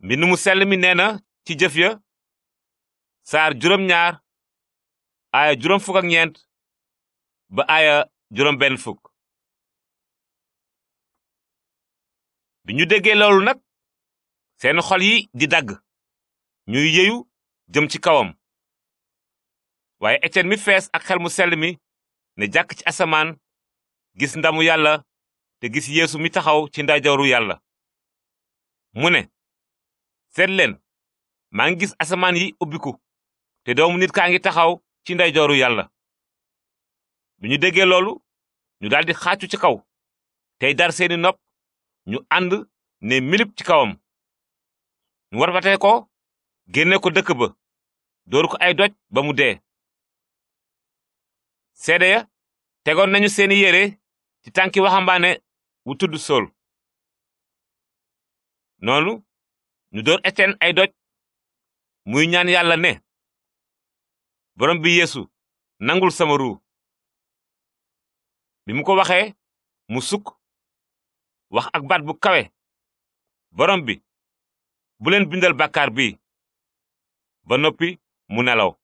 mbind mu sell mi nee na ci jëf ya saar juróom ñaar aaya juróom fukk ñeent ba aaya juróom benn fukk bi ñu déggee loolu nag seen xol yi di dagg ñuy yeyu jëm ci kawam waaye Étienne mi fees ak xel mu sell mi ne jàkk ci asamaan gis ndamu yàlla te gis yeesu mi taxaw ci ndajooru yàlla mu ne seet leen maa ngi gis asamaan yi ubbiku te doomu nit kaa ngi taxaw ci ndeyjooru yàlla bi ñu déggee loolu ñu daldi xaacu ci kaw tey dar seeni nopp ñu ànd ne milip ci kawam ñu warfate ko génne ko dëkk ba dóor ko ay doj ba mu dee seede ya tegoon nañu seeni yére ci tànki waxambaane wu tudd sol noonu ñu door Étienne ay doj muy ñaan yàlla ne boroom bi yéesu nangul sama ruu bi mu ko waxee mu sukk wax ak baat bu kawe boroom bi bu bindal bàkkaar bi ba noppi mu nelaw